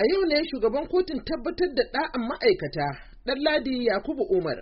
A yau ne shugaban kotun tabbatar da ɗa'an ma'aikata, Ɗanladi Yakubu Umar,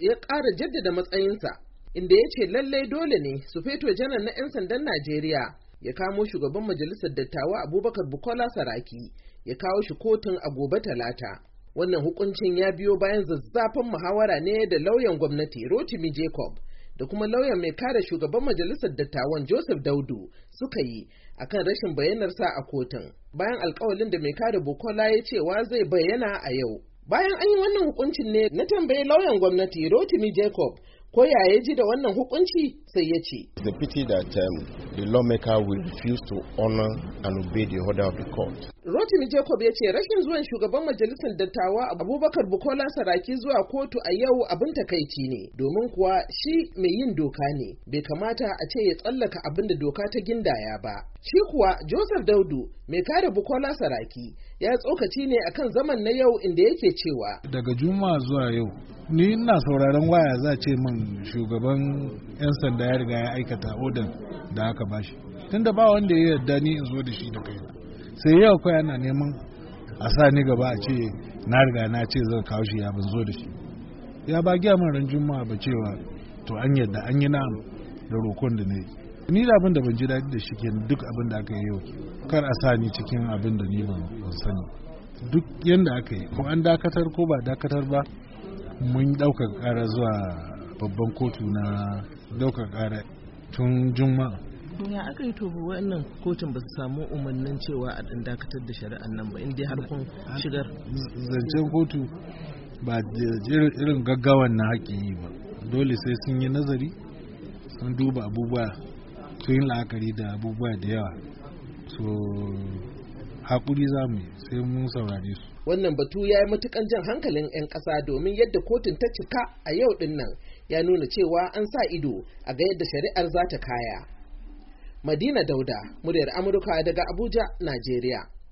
ya ƙara jaddada matsayinsa, inda ya ce lallai dole ne su feto janar na 'yan sandan Najeriya ya kamo shugaban majalisar dattawa Abubakar Bukola Saraki ya kawo shi kotun a gobe talata. Wannan hukuncin ya biyo bayan zazzafan muhawara ne da lauyan gwamnati Rotimi Jacob. da kuma lauyan mai kare shugaban majalisar dattawan Joseph Daudu suka yi akan rashin bayyanarsa a kotun bayan alkawalin da mai kare Bukola ya cewa zai bayyana a yau. Bayan an yi wannan hukuncin ne na tambayi lauyan gwamnati Rotimi Jacob ko ya ya ji da wannan hukunci sai ya ce the pity that um, the lawmaker will refuse to honor and obey the order of the court Rotimi Jacob ya ce rashin zuwan shugaban majalisar dattawa Abubakar Bukola Saraki zuwa kotu a yau abin takaici ne domin kuwa shi mai yin doka ne bai kamata a ce ya tsallaka abin da doka ta gindaya ba shi kuwa Joseph Daudu mai kare Bukola Saraki ya tsokaci ne akan zaman na yau inda yake cewa daga Juma'a zuwa yau ni ina sauraron waya za ce min shugaban 'yan sanda ya riga ya aikata odin da aka bashi tunda ba wanda ya yarda ni in zo da shi da kaina sai yau kai yana neman a sa ni gaba a ce na riga na ce zan kawo shi ya ban zo da shi ya ba giya min ran juma'a ba cewa to an yarda an yi na da rokon da na yi ni da abin da ban ji daɗi da shi ke duk abin da aka yi yau kar a sa ni cikin abin da ni ban sani duk yadda aka yi ko an dakatar ko ba dakatar ba mun ɗauka ƙara zuwa babban kotu na ɗauka ƙara tun juma'a ya aka yi tobu wannan kotun ba su samu umarnin cewa a ɗan dakatar da shari'an nan ba in dai har kun shigar zancen kotu ba irin gaggawan na haƙƙi yi ba dole sai sun yi nazari sun duba abubuwa tun yi la'akari da abubuwa da yawa haƙuri za mu sai mun saurare su. Wannan batu ya yi matukan jan hankalin 'yan ƙasa domin yadda kotun ta cika a yau ɗin nan ya nuna cewa an sa ido a ga yadda shari'ar za ta kaya. Madina Dauda, muryar Amurka daga Abuja, Najeriya.